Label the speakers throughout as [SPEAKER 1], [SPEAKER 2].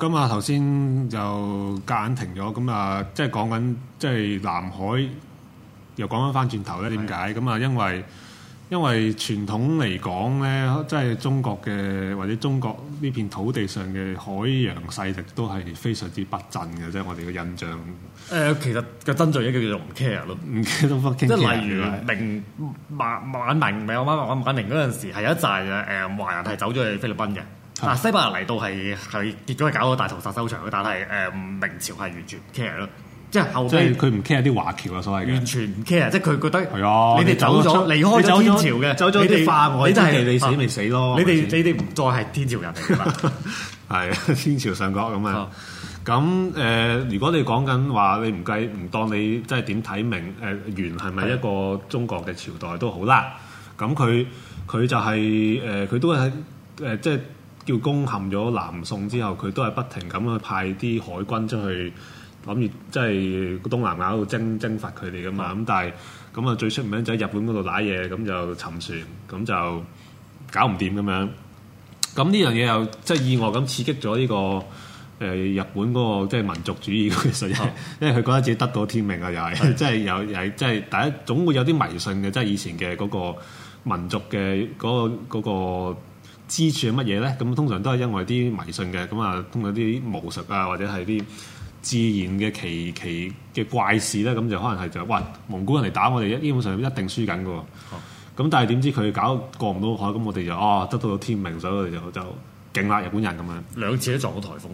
[SPEAKER 1] 咁啊，頭先就夾硬停咗。咁啊，即係講緊，即係南海又講翻翻轉頭咧。點解？咁啊，因為因為傳統嚟講咧，即係中國嘅或者中國呢片土地上嘅海洋勢力都係非常之不振嘅。即係我哋嘅印象。誒，其實個真相咧，叫做唔 care 咯，唔 care 到北京。即係例如明晚晚明，唔係我講晚晚明嗰陣時，係有一紮嘅誒華人係走咗去菲律賓嘅。嗱，西班牙嚟到係係結咗，係搞個大屠殺收場嘅。但係誒明朝係完全唔 care 咯，即係後屘。即係佢唔 care 啲華僑啊，所謂嘅。完全唔 care，即係佢覺得係啊！你哋走咗，離開咗天朝嘅，走咗啲化外。你真係你死咪死咯！你哋你哋唔再係天朝人嚟係天朝上國咁啊！咁誒，如果你講緊話，你唔計唔當你即係點睇明誒元係咪一個中國嘅朝代都好啦。咁佢佢就係誒，佢都係誒，即係。叫攻陷咗南宋之後，佢都係不停咁去派啲海軍出去，諗住即係東南亞度征征伐佢哋噶嘛。咁、嗯、但係咁啊，嗯、最出名就喺日本嗰度瀨嘢，咁就沉船，咁就搞唔掂咁樣。咁呢樣嘢又即係、就是、意外咁刺激咗呢、這個誒、呃、日本嗰、那個即係、就是、民族主義其實，就是哦、因為佢覺得自己得到天命啊，又係即係又又係即係大家總會有啲迷信嘅，即、就、係、是、以前嘅嗰個民族嘅嗰個嗰個。那個那個那個支柱係乜嘢咧？咁通常都係因為啲迷信嘅，咁啊通過啲巫術啊，或者係啲自然嘅奇奇嘅怪事咧，咁就可能係就嘩，蒙古人嚟打我哋，一基本上一定輸緊嘅喎。咁、啊、但係點知佢搞過唔到海，咁我哋就啊，得到天命，所以我就就勁啦，日本人咁樣。兩次都撞到颱風。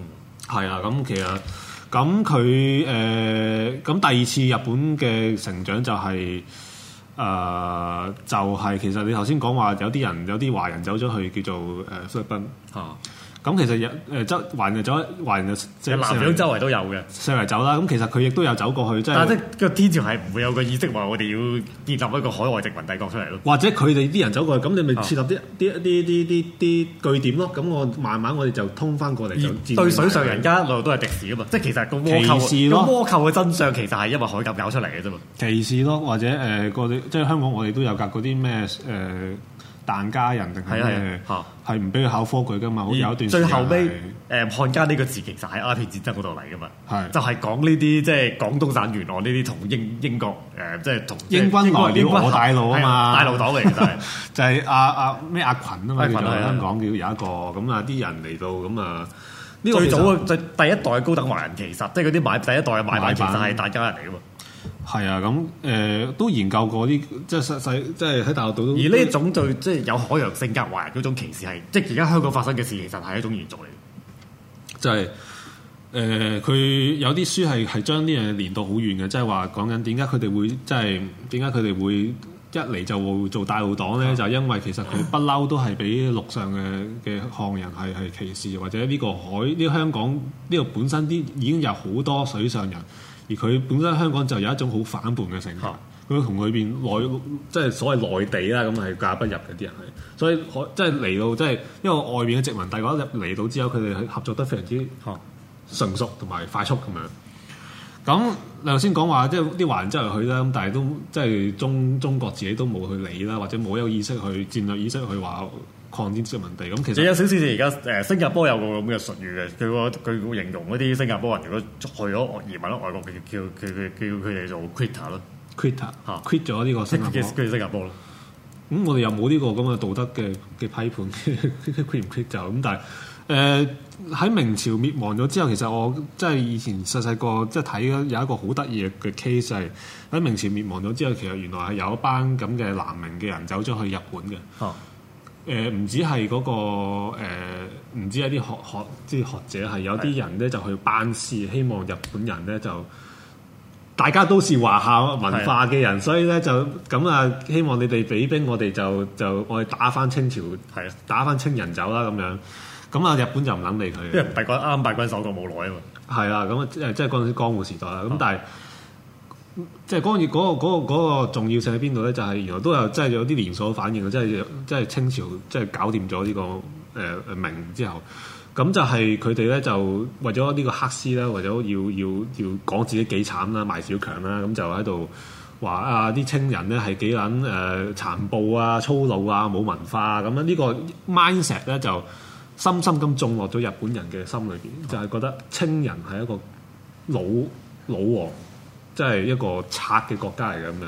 [SPEAKER 1] 係啊，咁其實咁佢誒咁第二次日本嘅成長就係、是。誒，uh, 就係、是、其實你頭先講話，有啲人有啲華人走咗去叫做誒，菲、呃、律賓，嚇。Uh. 咁其實、呃、就就有誒周環住咗環住即係南洋周圍都有嘅，上嚟走啦。咁其實佢亦都有走過去，即係但係即個天朝係唔會有個意識話我哋要建立一個海外殖民帝國出嚟咯。或者佢哋啲人走過去。咁你咪設立啲啲一啲啲啲啲據點咯。咁、嗯、我慢慢我哋就通翻過嚟。就對水上人家一路、啊、都係敵視啊嘛，即係其實個倭寇個倭寇嘅真相其實係因為海禁搞出嚟嘅啫嘛。歧視咯，或者誒個、呃、即係、呃、香港，我哋都有隔嗰啲咩誒。疍家人定係嚇係唔俾佢考科舉㗎嘛，好有一段最後尾，誒漢家呢個詞就喺鴉片戰爭嗰度嚟㗎嘛，係就係講呢啲即係廣東省元朗呢啲同英英國誒即係同英軍來了我大佬啊嘛，大佬黨嚟就係就係阿阿咩阿羣啊嘛，係香港叫有一個咁啊啲人嚟到咁啊，
[SPEAKER 2] 呢最早嘅
[SPEAKER 1] 第第一代高等華人其實即係嗰啲買第一代嘅買賣其實係疍家人嚟㗎嘛。係啊，咁、呃、誒都研究過啲，即係細細，即係喺大學度都。而呢一種就、嗯、即係有海洋性格華人嗰種歧視，係即係而家香港發生嘅事，其實係一種延續嚟。就係、是、誒，佢有啲書係係將呢樣嘢連到好遠嘅，即係話講緊點解佢哋會即係點解佢哋會一嚟就會做大陸黨咧？啊、就係因為其實佢不嬲都係俾陸上嘅嘅漢人係係歧視，或者呢個海呢、呢個、香港呢、呢個本身啲已經有好多水上人。而佢本身香港就有一種好反叛嘅性格，佢同裏邊內即係、就是、所謂內地啦，咁係嫁不入嘅啲人係，所以可即係嚟到即係、就是、因為外面嘅殖民大家入嚟到之後，佢哋去合作得非常之哦純熟同埋快速咁樣。咁、啊、你頭先講話即係啲華人嚟去啦，咁但係都即係中中國自己都冇去理啦，或者冇有一個意識去戰略意識去話，擴展殖民地問題咁，其實有少少似而家誒，新加坡有個咁嘅術語嘅，佢個佢形容嗰啲新加坡人如果去咗外移民咯外國，叫叫叫叫佢哋做 quitter 咯，quitter 嚇 quit 咗呢個新加坡咯。咁、嗯、我哋又冇呢個咁嘅道德嘅嘅批判，quit 唔 quit 就咁。但係誒喺明朝滅亡咗之後，其實我即係以前細細個即係睇咗有一個好得意嘅 case 係喺明朝滅亡咗之後，其實原來係有一班咁嘅南明嘅人走咗去日本嘅。啊誒唔、呃、止係嗰、嗰個唔、呃、止一啲學學，即係學者係有啲人咧就去辦事，希望日本人咧就大家都是華夏文化嘅人，是的 所以咧就咁啊，希望你哋俾兵，我哋就就我哋打翻清朝，係啊，打翻清人走啦咁樣，咁啊日本就唔諗理佢。因為唔係覺啱敗軍手國冇耐啊嘛，係啊，咁誒即係嗰陣時江湖時代啦，咁好的 但係。即係嗰、那個嗰、那個那個、重要性喺邊度咧？就係、是、原來都有即係有啲連鎖反應，即係即係清朝即係搞掂咗呢個誒明、呃、之後，咁就係佢哋咧就為咗呢個黑絲啦，為咗要要要講自己幾慘啦，賣小強啦，咁就喺度話啊啲清人咧係幾撚誒殘暴啊、粗魯啊、冇文化啊咁樣。呢個 mindset 咧就深深咁種落咗日本人嘅心裏邊，就係、是、覺得清人係一個老老王。即係一個賊嘅國家嚟嘅咁樣，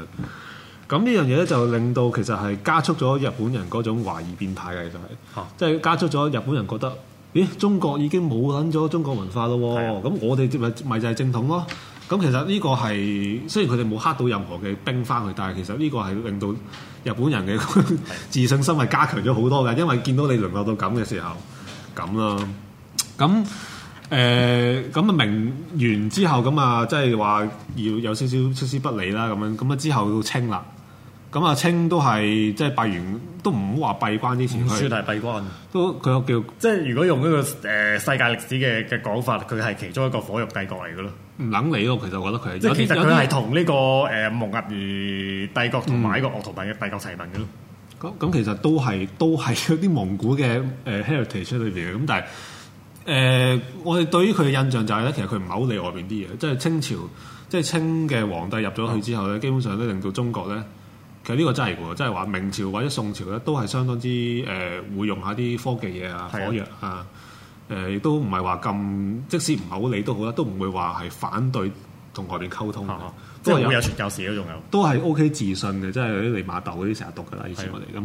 [SPEAKER 1] 咁呢樣嘢咧就令到其實係加速咗日本人嗰種懷疑變態嘅，其實就係，即係加速咗日本人覺得，咦？中國已經冇撚咗中國文化咯喎，咁的我哋咪咪就係正統咯。咁其實呢個係雖然佢哋冇黑到任何嘅兵翻去，但係其實呢個係令到日本人嘅 自信心係加強咗好多嘅，因為見到你淪落到咁嘅時候，咁咯、啊，咁。誒，咁啊、呃、明完之後，咁啊即係話要有少少、少少出師不利啦，咁樣，咁啊之後要清啦。咁啊清都係即係閉完，都唔好話閉關之前，算係閉關。都佢叫即係如果用呢個誒世界歷史嘅嘅講法，佢係其中一個火藥帝國嚟嘅咯。唔撚理咯，其實我覺得佢，即係其實佢係同呢個誒蒙兀兒帝國同埋一個鄂圖曼嘅帝國齊名嘅咯。咁咁、嗯嗯、其實都係都係有啲蒙古嘅誒 heritage 喺裏邊咁但係。誒、呃，我哋對於佢嘅印象就係咧，其實佢唔係好理外邊啲嘢，即係清朝，即係清嘅皇帝入咗去之後咧，嗯、基本上咧令到中國咧，其實呢個真係嘅，即係話明朝或者宋朝咧，都係相當之誒、呃，會用下啲科技嘢啊，是啊火藥啊，誒、呃、亦都唔係話咁，即使唔好理都好啦，都唔會話係反對同外邊溝通嘅是都係有，有傳教士嗰種，有都係 O K 自信嘅，即係嗰啲利瑪竇嗰啲成日讀㗎喇。以前我哋咁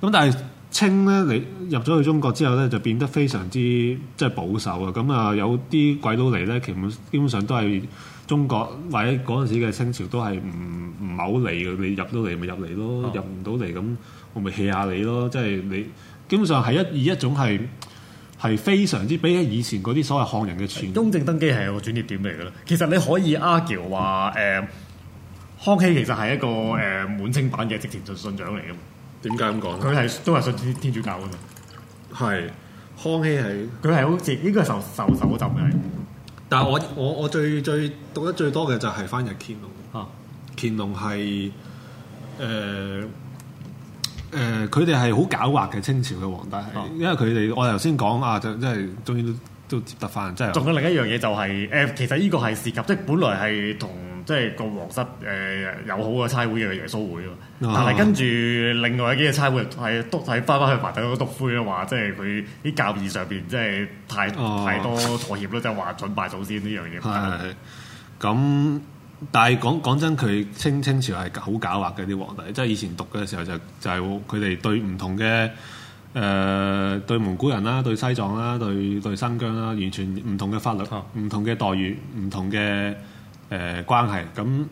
[SPEAKER 1] 咁，但係清咧，你入咗去中國之後咧，就變得非常之即係保守啊。咁啊，有啲鬼佬嚟咧，基本基本上都係中國或者嗰陣時嘅清朝都係唔唔係好嚟嘅。你入到嚟咪入嚟咯，入唔到嚟咁我咪棄下你咯。即係你基本上係一以一種係。係非常之比起以前嗰啲所謂漢人嘅傳統，雍正登基係有個轉捩點嚟嘅啦。其實你可以 argue 話、呃、誒，康熙其實係一個誒、呃、滿清版嘅直情信信長嚟嘅嘛。點解咁講？佢係都係信天主教啊嘛。係，康熙係佢係好似應該受受受浸嘅。但係我我我最最讀得最多嘅就係翻日乾隆啊，乾隆係誒。呃誒，佢哋係好狡猾嘅清朝嘅皇帝，哦、因為佢哋我頭先講啊，就即係終於都都接得翻，真係。仲有另一樣嘢就係、是、誒、呃，其實呢個係涉及，即係本來係同即係個皇室誒友、呃、好嘅差會嘅耶穌會，但係跟住另外幾個差會係喺翻翻去埋底都督灰啦，話即係佢啲教義上邊即係太、哦、太多妥協咯，即係話準拜祖先呢樣嘢。係咁。但係講講真，佢清清朝係好狡猾嘅啲皇帝，即係以前讀嘅時候就就係佢哋對唔同嘅誒、呃、對蒙古人啦、對西藏啦、對對新疆啦，完全唔同嘅法律、唔同嘅、哦、待遇、唔同嘅誒、呃、關係。咁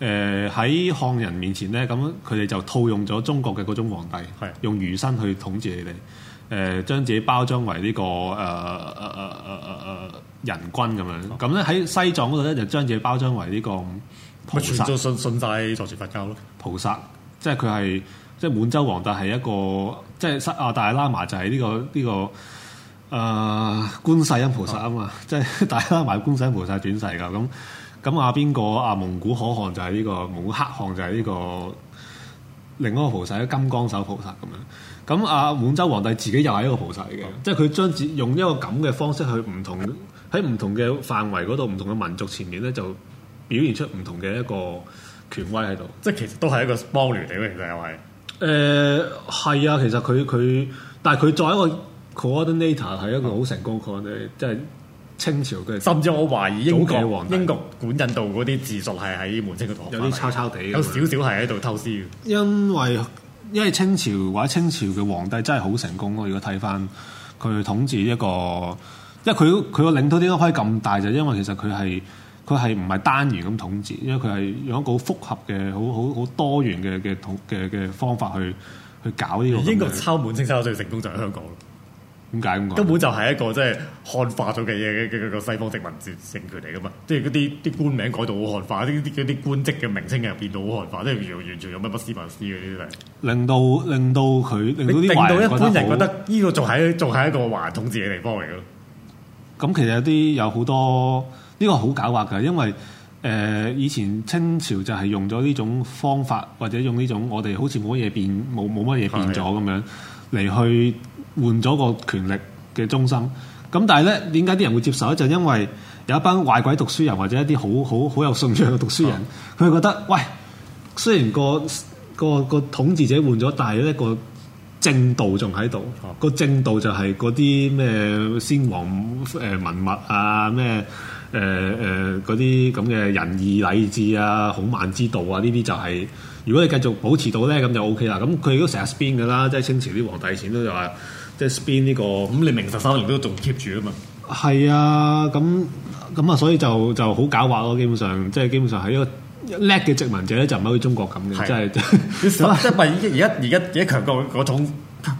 [SPEAKER 1] 誒喺漢人面前咧，咁佢哋就套用咗中國嘅嗰種皇帝，的用儒生去統治你哋。誒將自己包裝為呢、這個誒誒誒誒誒誒仁君咁樣，咁咧喺西藏嗰度咧就將自己包裝為呢個菩薩。全部信信曬坐住佛教咯？菩薩，即係佢係即係滿洲皇帝係一個，即係阿大喇嘛就係呢、這個呢、這個誒、呃、觀世音菩薩、嗯、啊嘛，即係大喇嘛觀世音菩薩轉世噶。咁咁阿邊個阿蒙古可汗就係呢、這個蒙古黑汗就係呢、這個。另一個菩薩，金剛手菩薩咁樣。咁啊，滿洲皇帝自己又係一個菩薩嚟嘅，嗯、即係佢將自用一個咁嘅方式去唔同喺唔同嘅範圍嗰度，唔同嘅民族前面咧，就表現出唔同嘅一個權威喺度。即係其實都係一個邦聯嚟嘅，其實又係。誒係、呃、啊，其實佢佢，但係佢作為一個 coordinator 係一個好成功 coordinator，即係、嗯。就是清朝佢甚至我懷疑英國，國，英，國英國管印度嗰啲治術係喺滿清嗰度有啲抄抄地，有少少係喺度偷師。因為因為清朝或者清朝嘅皇帝真係好成功咯。如果睇翻佢統治一個，因為佢佢個領土點解可以咁大就係因為其實佢係佢係唔係單元咁統治，因為佢係用一個好複合嘅好好好多元嘅嘅統嘅嘅方法去去搞呢個。英國抄滿清抄最成功就係香港。根本就係一個即係漢化咗嘅嘅嘅嘅西方殖民政權嚟噶嘛，即係嗰啲啲官名改到好漢化，啲啲嗰啲官職嘅名稱又變到好漢化，即係完完全有乜不思凡思嘅呢啲嚟，令到令到佢令到一般人覺得呢個仲係仲係一個華人統治嘅地方嚟咯。咁其實有啲有好多呢、呢個好狡猾嘅，因為。誒、呃、以前清朝就係用咗呢種方法，或者用呢種我哋好似冇乜嘢變，冇冇乜嘢變咗咁、啊、樣嚟去換咗個權力嘅中心。咁但係呢，點解啲人會接受呢？嗯、就因為有一班壞鬼讀書人，或者一啲好好好有信仰嘅讀書人，佢、嗯、覺得喂，雖然個個個,個統治者換咗，但係呢個正道仲喺度。個正道、嗯、就係嗰啲咩先王誒、呃、文物啊咩。誒誒嗰啲咁嘅仁義禮智啊、孔孟之道啊，呢啲就係、是、如果你繼續保持到咧，咁就 O K 啦。咁佢都成日 spin 嘅啦，即係清朝啲皇帝以前都就話，即係 spin 呢、這個。咁、嗯、你明十三年都仲 keep 住啊嘛。係啊，咁咁啊，所以就就好狡猾咯、啊。基本上，即係基本上係一個叻嘅殖民者咧，就唔係好似中國咁嘅，即係即係。而家而家而家強國嗰種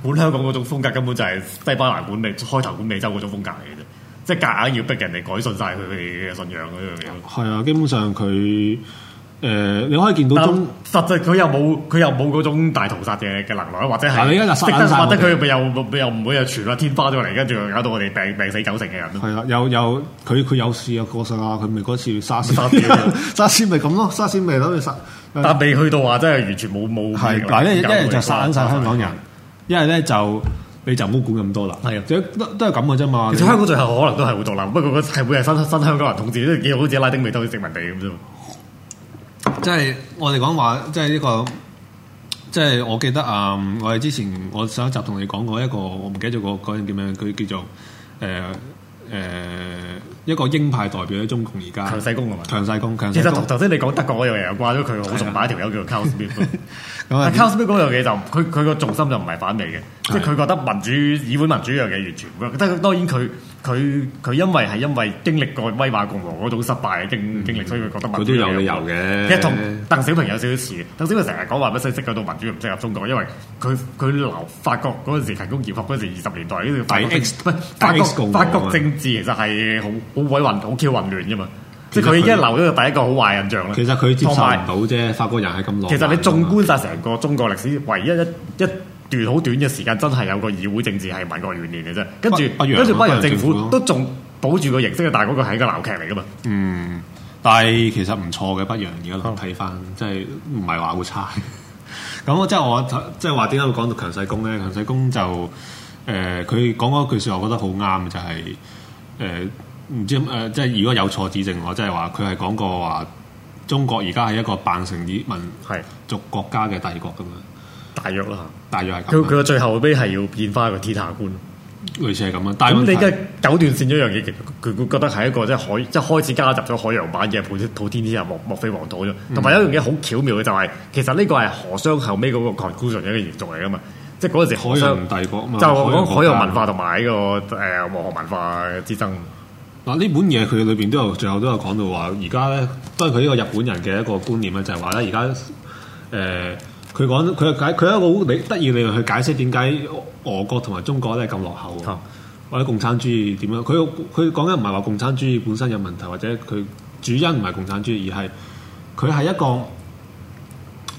[SPEAKER 1] 管香港嗰種風格，根本就係西班牙管美開頭管美洲嗰種風格嚟嘅啫。即係夾硬要逼人哋改信晒佢哋嘅信仰嗰樣嘢。係啊、嗯，基本上佢誒、呃，你可以見到中，實際佢又冇，佢又冇嗰種大屠殺嘅嘅能力，或者係，即係殺得佢，咪們又又唔會有傳落天花咗嚟，跟住搞到我哋病病死九成嘅人係啦，嗯、有 有，佢佢有事啊，過身啊，佢咪嗰次沙士，沙士，咪咁咯，沙士咪諗住殺，但未去到話真係完全冇冇，係，一係一係就殺晒香港人，一係咧就是。因為 你就唔好管咁多啦。係啊的，都都係咁嘅啫嘛。其實香港最後可能都係會獨立，不過佢係會係新新香港人統治，都幾好似拉丁美洲啲殖民地咁啫。即係我哋講話，即係呢個，即係我記得啊，嗯，我哋之前我上一集同你講過一個，我唔記得咗個個人叫咩，佢叫做誒誒。呃呃一個鷹派代表嘅中共而家強勢工啊嘛，強勢工強勢，其實頭先你講德國，我嘢，又掛咗佢喎，我崇拜一條友叫做 Carl Schmitt。咁啊 Carl Schmitt 嘢就，佢佢個重心就唔係反美嘅，的即係佢覺得民主，議會民主一樣嘢完全唔得。但係當然佢。佢佢因為係因為經歷過威瑪共和嗰種失敗嘅經經歷，所以佢覺得民主佢都有理由嘅。其實同鄧小平有少少似，鄧小平成日講話乜西式嗰度民主唔適合中國，因為佢佢留法國嗰陣時勤工儉學嗰陣時，二十年代呢個大 X，唔係法國政治其實係好好鬼混好 Q 混亂啫嘛。即係佢已經留咗個第一個好壞印象啦。其實佢接受唔到啫，法國人係咁耐。其實你縱觀曬成個中國歷史，唯一一一段好短嘅時間，真係有個議會政治係民國元年嘅啫。跟住跟住，北洋政府，洋政府都仲保住個形式，但係嗰個係一個鬧劇嚟噶嘛。嗯，但係其實唔錯嘅北洋而家睇翻，即係唔係話好差。咁 我即係我即係話點解會講到強勢工咧？強勢工就誒，佢、呃、講嗰句説話，我覺得好啱就係、是、誒，唔、呃、知誒、呃，即係如果有錯指正我，即係話佢係講過話中國而家係一個半成以民族國家嘅帝國咁樣。大約啦，大約係佢佢，個最後尾係要變翻一個天下觀，類似係咁啊。咁你而家九段線咗一樣嘢，其實佢覺得係一個即係海，即、就、係、是、開始加入咗海洋版嘅普天之下莫莫非王土啫。同埋有，、嗯、有一樣嘢好巧妙嘅就係、是，其實呢個係河商後尾嗰個 conclusion 嘅一個延續嚟噶嘛。即係嗰陣時河海洋帝國嘛，國就講海洋文化同埋呢個誒黃河文化之爭。嗱呢本嘢佢裏邊都有，最後都有講到話，而家咧都係佢呢個日本人嘅一個觀念咧，就係話咧而家誒。呃呃佢講，佢又解，佢一個好理得意嚟嚟去解釋點解俄國同埋中國咧咁落後，嗯、或者共產主義點樣？佢佢講緊唔係話共產主義本身有問題，或者佢主因唔係共產主義，而係佢係一個，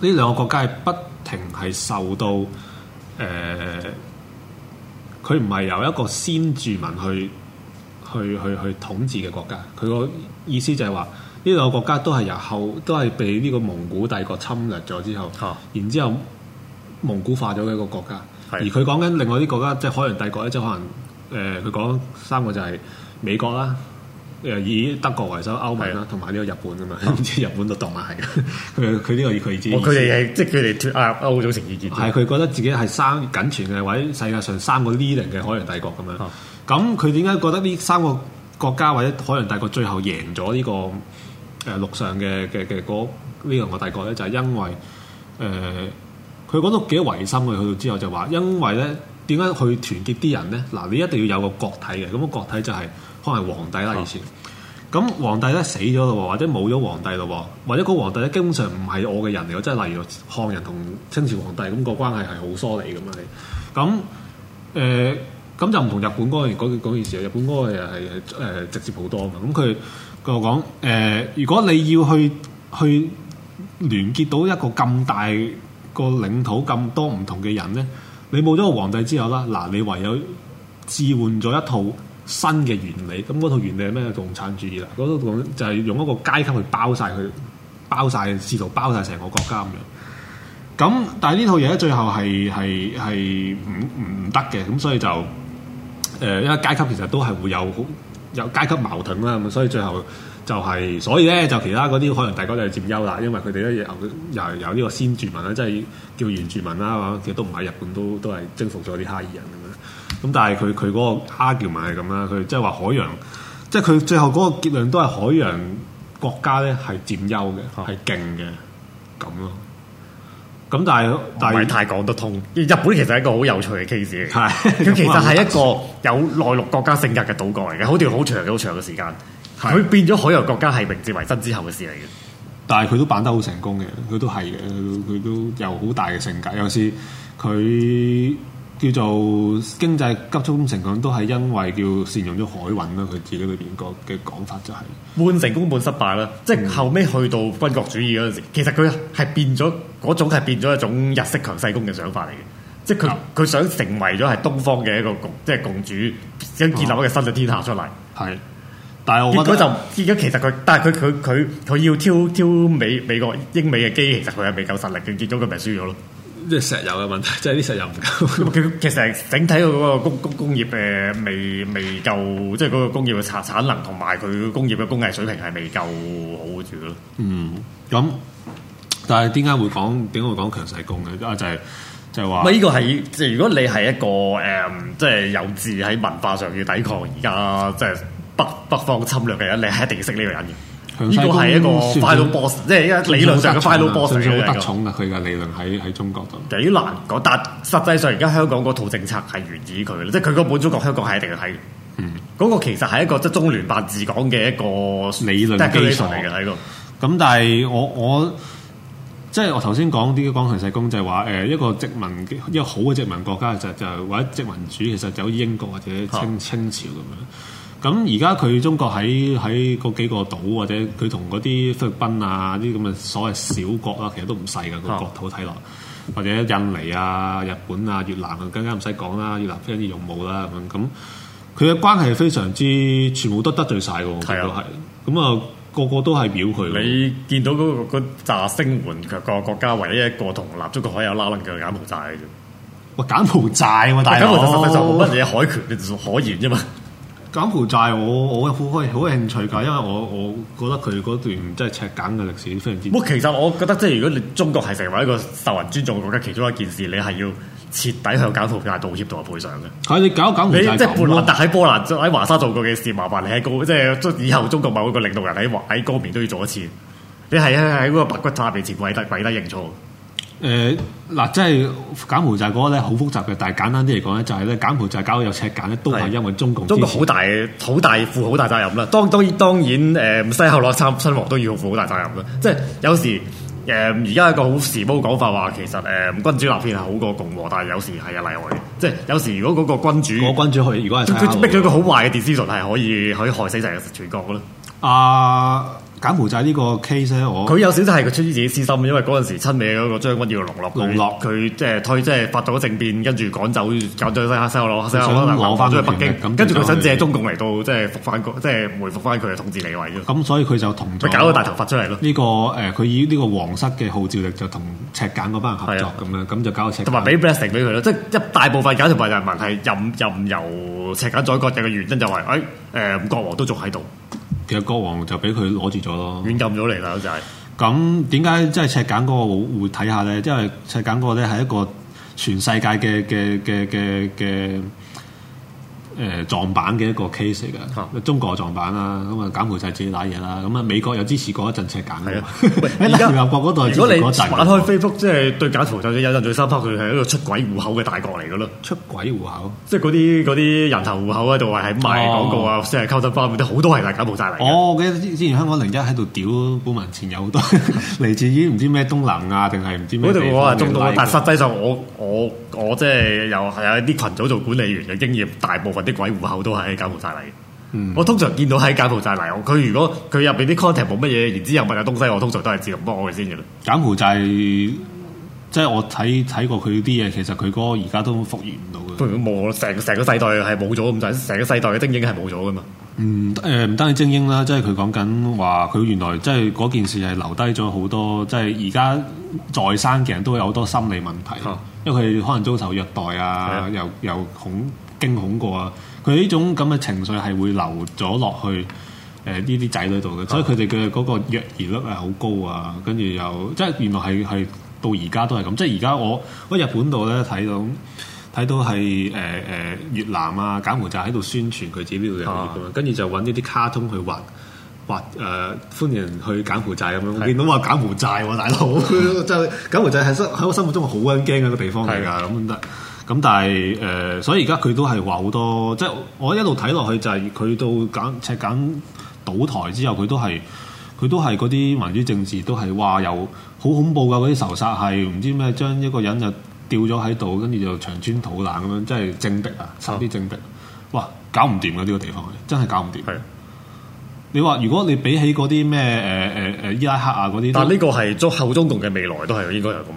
[SPEAKER 1] 呢兩個國家係不停係受到誒，佢唔係由一個先住民去去去去統治嘅國家，佢個意思就係話。呢兩個國家都係由後都係被呢個蒙古帝國侵略咗之後，啊、然之後蒙古化咗嘅一個國家。的而佢講緊另外啲國家，即係海洋帝國咧，即係可能誒佢講三個就係美國啦，誒以德國為首歐盟啦，同埋呢個日本啊嘛。唔知 日本都當埋。係佢佢呢個佢自己。佢哋係即係佢哋脫歐組成意見，係佢覺得自己係三僅存嘅，或者世界上三個 leading 嘅海洋帝國咁樣。咁佢點解覺得呢三個國家或者海洋帝國最後贏咗呢、呢個？誒、呃、陸上嘅嘅嘅呢樣我大國咧，就係、是、因為誒佢講到幾遺心嘅，去到之後就話，因為咧點解去團結啲人咧？嗱，你一定要有個國體嘅，咁、那個國體就係、是、可能係皇帝啦，以前咁、啊、皇帝咧死咗咯，或者冇咗皇帝咯，或者個皇帝咧基本上唔係我嘅人嚟，即係例如漢人同清朝皇帝咁、那個關係係好疏離咁啊，你咁誒咁就唔同日本嗰、那個嗰嗰件事日本嗰個又係、呃、直接好多啊嘛，咁佢。佢講：誒、呃，如果你要去去聯結到一個咁大個領土、咁多唔同嘅人咧，你冇咗個皇帝之後啦，嗱，你唯有置換咗一套新嘅原理，咁嗰套原理係咩？共產主義啦，嗰度講就係用一個階級去包晒佢，包晒，試圖包晒成個國家咁樣。咁但係呢套嘢咧，最後係係係唔唔得嘅，咁所以就誒、呃，因為階級其實都係會有好。有階級矛盾啦，咁所以最後就係、是，所以咧就其他嗰啲海洋帝國就佔優啦，因為佢哋咧有有有呢個先住民啦，即係叫原住民啦，其實都唔係日本都都係征服咗啲蝦夷人咁樣。咁但係佢佢嗰個蝦夷民係咁啦，佢即係話海洋，即係佢最後嗰個結論都係海洋國家咧係佔優嘅，係勁嘅咁咯。咁但係唔係太講得通。日本其實係一個好有趣嘅 case 佢其實係一個有內陸國家性格嘅島國嚟嘅，好 長好長嘅時間，佢的變咗海洋國家係明治維新之後嘅事嚟嘅。但係佢都辦得好成功嘅，佢都係嘅，佢都有好大嘅性格。有時佢叫做經濟急速咁成長，都係因為叫善用咗海運啦。佢自己嗰邊個嘅講法就係、是、半成功半失敗啦。嗯、即係後尾去到軍國主義嗰陣時，其實佢係變咗。嗰種係變咗一種日式強勢攻嘅想法嚟嘅，即係佢佢想成為咗係東方嘅一個共即係共主，想建立一個新嘅天下出嚟。係，但係我結果就結果其實佢，但係佢佢佢佢要挑挑美美國英美嘅機，其實佢係未夠實力嘅，結果佢咪輸咗咯。即係石油嘅問題，即係啲石油唔夠。咁其實係整體佢嗰個工工工業誒，未未夠，即係嗰個工業嘅產產能同埋佢工業嘅工藝水平係未夠好住咯。嗯，咁。但係點解會講點解會講強勢工嘅？啊，就係、是、就係、是、話。呢個係即係如果你係一個誒，即、嗯、係、就是、有志喺文化上要抵抗而家即係北北方侵略嘅人，你係一定要識呢個人嘅。呢個係一個 final boss 即係理論上嘅 final boss 算算重、啊、s, 算算重噶佢嘅理論喺喺中國度。幾難講，但實際上而家香港嗰套政策係援引佢即係佢個本中國香港係一定係嘅。嗰、嗯、個其實係一個即係中聯辦治港嘅一個理論基礎嚟嘅喺度。咁但係我我。我即係我頭先講啲講行勢工就係話誒一個殖民一個好嘅殖民國家就係、就係、或者殖民主其實就好似英國或者清、啊、清朝咁樣。咁而家佢中國喺喺嗰幾個島或者佢同嗰啲菲律賓啊啲咁嘅所謂小國啊，其實都唔細嘅個國土睇落，或者印尼啊、日本啊、越南啊，更加唔使講啦，越南非常之勇武啦咁。佢嘅關係非常之全部都得罪晒嘅，我覺得咁啊～個個都係藐佢。你見到嗰個嗰扎星環，其實個國家唯一一個同立足個海有拉輪嘅柬埔寨嘅啫。哇！柬埔寨，啊，我大。但柬埔寨實質上冇乜嘢海權嘅可言啫嘛？柬埔寨，我，我我好開心好有興趣噶，因為我我覺得佢嗰段即係、就是、赤柬嘅歷史非常之。唔，其實我覺得即係如果你中國係成為一個受人尊重嘅國家，其中一件事你係要。徹底向柬埔寨道歉同埋賠償嘅。係、嗯、你搞搞，即係波蘭，特喺波蘭、喺華沙做過嘅事，麻煩你喺高，即係以後中國某一個領導人喺喺高棉都要做一次。你係喺喺嗰個白骨塔面前跪低跪低認錯。誒嗱、呃，即係柬埔寨嗰個咧好複雜嘅，但係簡單啲嚟講咧，就係咧柬埔寨搞到有赤柬咧，都係因為中共，中共好大好大負好大責任啦。當當當然誒、呃，西哈落差親王都要負好大責任啦。即係有時誒，而、呃、家一個好時髦講法話，其實誒、呃、君主立憲係好過共和，但係有時係有例外。即係有時如果嗰個君主，個君主可以如果係逼咗一個好壞嘅 decision，係可以可以害死晒個全國嘅咯。啊！呃柬埔寨呢個 case 咧，我佢有少少係佢出自自己私心，因為嗰陣時親美嗰個將軍叫龍落，龍落佢即係推，即係發動咗政變，跟住趕走趕走西哈沙，攞西哈沙攞翻咗去北京，跟住佢想借中共嚟到即係復翻個，即係恢復翻佢嘅統治地位。咁所以佢就同佢搞個大頭佛出嚟咯。呢個誒，佢以呢個皇室嘅號召力就同赤柬嗰班人合作咁樣，咁就搞赤同埋俾 blessing 俾佢咯。即係一大部分柬埔寨人民係任任由赤柬宰割嘅原因就係誒誒國王都仲喺度。其實國王就俾佢攞住咗咯，軟禁咗嚟啦就係、是。咁點解即係赤柬嗰個會睇下咧？因為赤柬嗰個咧係一個全世界嘅嘅嘅嘅嘅。誒、呃、撞板嘅一個 case 嚟㗎，嗯、中國撞板、啊嗯、啦，咁啊柬埔寨自己打嘢啦，咁啊美國又支持過一陣赤柬啊。喺自由國嗰度，如果你玩開 Facebook，即係對柬埔寨有印象最深刻，佢係一個出軌戶口嘅大國嚟嘅咯。出軌戶口，即係嗰啲啲人頭戶口喺度、那個，話係賣廣告啊，即係溝得翻，即好多係大柬埔寨嚟。我記得之前香港零一喺度屌古民前有好多嚟自於唔知咩東南亞定係唔知咩、like。嗰度我話中國，但實際上我我我即係有係有啲群組做管理員嘅經驗，大部分。啲鬼戶口都喺柬埔寨嚟嘅，嗯、我通常見到喺柬埔寨嚟。佢如果佢入邊啲 content 冇乜嘢，然之後問下東西，我通常都係自動幫我嘅先嘅啦。柬埔寨即係、就是、我睇睇過佢啲嘢，其實佢個而家都復原唔到嘅。冇，成成個世代係冇咗咁滯，成個世代嘅精英係冇咗噶嘛。嗯，誒、呃、唔單止精英啦，即係佢講緊話，佢原來即係嗰件事係留低咗好多，即係而家在生嘅人都有好多心理問題，嗯、因為佢可能遭受虐待啊，嗎又又，又恐。驚恐過啊！佢呢種咁嘅情緒係會流咗落去，誒呢啲仔女度嘅，所以佢哋嘅嗰個虐兒率係好高啊！跟住又即係原來係係到而家都係咁，即係而家我喺日本度咧睇到睇到係誒誒越南啊、柬埔寨喺度宣傳佢自己呢度有嘅嘛，跟住、啊、就揾呢啲卡通去畫畫誒，歡迎去柬埔寨咁樣。的見我見到話柬埔寨大佬，的 就柬、是、埔寨係生喺我心目中係好鬼驚嘅一個地方嚟噶，咁得。咁但係誒、呃，所以而家佢都係話好多，即、就、係、是、我一路睇落去就係佢到緊赤柬倒台之後，佢都係佢都係嗰啲民主政治都係話有好恐怖噶嗰啲仇殺係，係唔知咩將一個人就吊咗喺度，跟住就長穿肚腩咁樣，真係正逼啊，差啲正逼，哇搞唔掂噶呢個地方，真係搞唔掂，的你話如果你比起嗰啲咩誒誒誒伊拉克啊嗰啲，但呢個係中後中共嘅未來都係應該係咁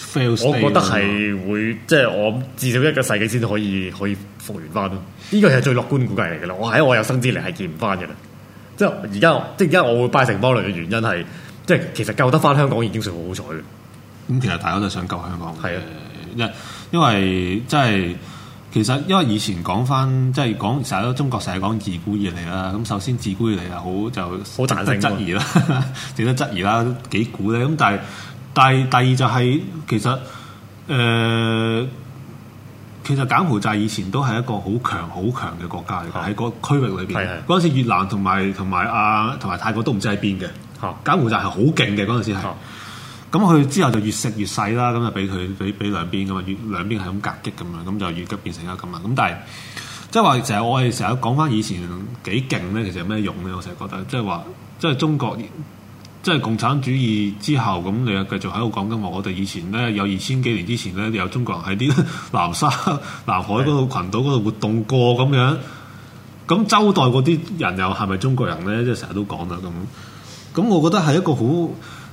[SPEAKER 1] Fail 我覺得係會即係我至少一個世紀先可以可以復原翻咯，呢個係最樂觀估計嚟噶啦。我喺我有生之年係見唔翻嘅啦。即係而家即係而家我會拜城邦類嘅原因係，即係其實救得翻香港已經算好好彩。咁其實大家都想救香港嘅，係啊，因因為即係其實因為以前講翻即係講成日中國成日講自古以嚟啦。咁首先自古以嚟係好就好值得質疑啦，值得質疑啦，幾、啊、 古咧咁但係。但第二就係、是、其實誒、呃，其實柬埔寨以前都係一個好強好強嘅國家嚟嘅喺個區域裏邊。嗰陣是的 時越南同埋同埋啊同埋泰國都唔知喺邊嘅。啊、柬埔寨係好勁嘅嗰陣時係。咁佢、啊、之後就越食越細啦，咁就俾佢俾俾兩邊咁啊，兩邊係咁夾擊咁啊，咁就越急變成一個咁啊。咁但係即係話成日我哋成日講翻以前幾勁咧，其實有咩用咧？嗯、我成日覺得即係話即係中國。即係共產主義之後，咁你又繼續喺度講緊話，我哋以前咧有二千幾年之前咧，有中國人喺啲南沙、南海嗰個群島嗰度活動過咁樣。咁周代嗰啲人又係咪中國人咧？即係成日都講啦咁。咁我覺得係一個好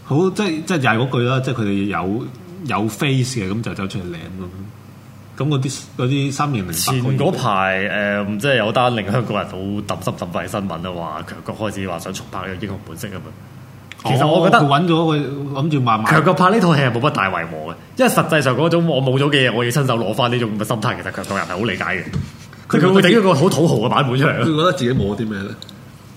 [SPEAKER 1] 好即係即係又係嗰句啦，即係佢哋有有 face 嘅，咁就走出嚟領咁。咁嗰啲啲三年零前嗰排誒，即係、嗯嗯就是、有單令香港人好揼心揼肺新聞啊，話強國開始話想重拍一個《英雄本色》咁啊。其實我覺得佢揾咗佢諗住慢慢，強國拍呢套戲係冇乜大為和嘅，因為實際上嗰種我冇咗嘅嘢，我要親手攞翻呢種嘅心態，其實強國人係好理解嘅。佢佢會整一個好土豪嘅版本出嚟咯。佢覺得自己冇咗啲咩咧？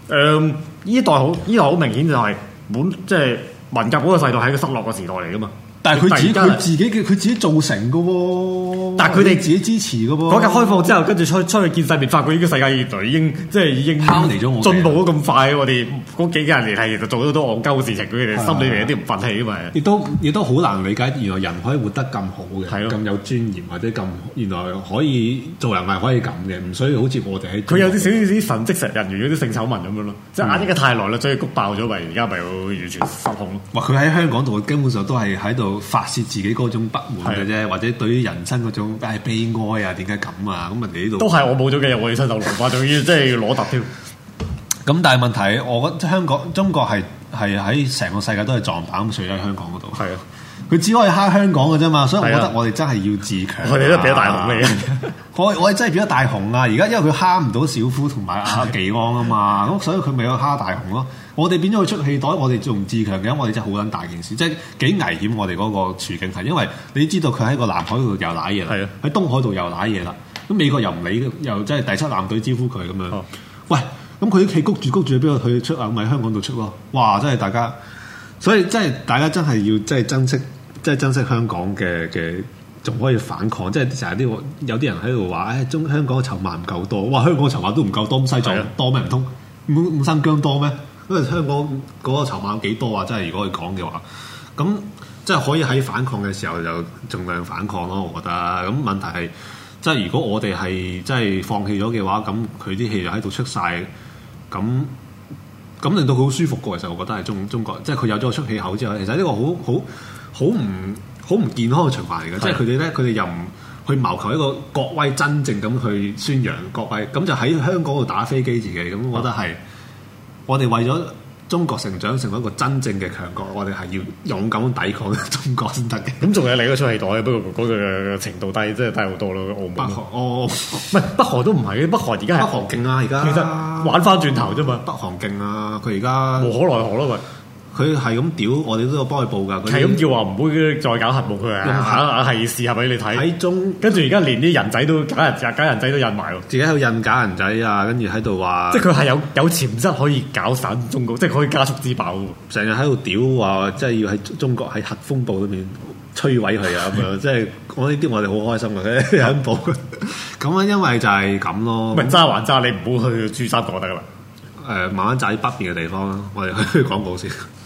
[SPEAKER 1] 誒、呢、嗯、代好呢代好明顯就係、是、滿、即係、就是、文革嗰個世代係一個失落嘅時代嚟噶嘛。但係佢自己佢自己嘅佢自己造成嘅喎，但係佢哋自己支持嘅喎。改革開放之後，跟住出出去見世面，發覺呢個世界原來已經即係已經拋離咗我，進步得咁快，我哋嗰幾廿年係其實做咗好多戇鳩事情，佢哋的心裏面有啲唔忿氣啊嘛。亦都亦都好難理解，原來人可以活得咁好嘅，咁的有尊嚴或者咁原來可以做人係可以咁嘅，嗯，所以好似我哋佢有啲少少神職人員嗰啲性醜聞咁樣咯，即係壓抑得太耐啦，所以谷爆咗咪，而家咪完全失控咯。佢喺香港度，根本上都係喺度。發泄自己嗰種不滿嘅啫，的或者對於人生嗰種唉悲哀啊，點解咁啊？咁人哋呢度都係我冇咗嘅，日，我要伸手攞花，仲 要，即、就、係、是、要攞達標。咁但係問題，我覺得香港、中國係係喺成個世界都係撞板，所以喺香港嗰度係啊。佢只可以蝦香港嘅啫嘛，所以我覺得我哋真係要自強。我哋都變咗大雄嘅，我我係真係變咗大雄啊！而家因為佢蝦唔到小夫同埋阿紀安啊嘛，咁所以佢咪要蝦大雄咯？我哋變咗佢出氣袋，我哋仲唔自強嘅，因為我哋真係好撚大件事，即係幾危險。我哋嗰個處境係因為你知道佢喺個南海度又瀨嘢啦，喺東海度又瀨嘢啦，咁美國又唔理，又即係第七艦隊招呼佢咁樣。哦、喂，咁佢企谷住谷住，邊個佢出啊？咪香港度出咯！哇，真係大家，所以真係大，大家真係要真係珍惜。即係珍惜香港嘅嘅，仲可以反抗。即係成日都有啲人喺度話，誒、哎、中香港嘅籌碼唔夠多，哇！香港籌碼都唔夠多，咁西藏多咩唔通？唔唔新疆多咩？因為香港嗰個籌碼幾多，多啊？真係如果佢講嘅話，咁即係可以喺反抗嘅時候就盡量反抗咯。我覺得咁問題係，即係如果我哋係真係放棄咗嘅話，咁佢啲氣就喺度出晒，咁咁令到佢好舒服過。其實我覺得係中中國，即係佢有咗出氣口之後，其實呢個好好。好唔好唔健康嘅循環嚟嘅，的即係佢哋咧，佢哋又唔去謀求一個國威真正咁去宣揚國威，咁就喺香港度打飛機自己，咁我覺得係我哋為咗中國成長成為一個真正嘅強國，我哋係要勇敢抵抗中國先得嘅。咁仲 有你嗰出氣袋，不過嗰個程度低，真係低好多咯，澳門。北韓哦，唔、哦、係 北韓都唔係嘅，北韓而家北韓勁啊，而家其實玩翻轉頭啫嘛，北韓勁啊，佢而家無可奈何咯咪。佢係咁屌，我哋都有幫佢報噶。係咁叫話唔會再搞核武佢啊！係試下俾你睇喺中，跟住而家連啲人仔都假人假人仔都印埋喎，自己喺度印假人仔啊，跟住喺度話，即係佢係有有潛質可以搞散中國，嗯、即係可以加速自爆。成日喺度屌話，即係要喺中國喺核風暴裏面摧毀佢啊咁樣，即係、 就是、我呢啲我哋好開心嘅，有咁報。咁啊，因為就係咁咯，唔揸還揸，你唔好去珠三角得啦。誒、呃，慢慢揸喺北邊嘅地方啦，我哋去廣告先。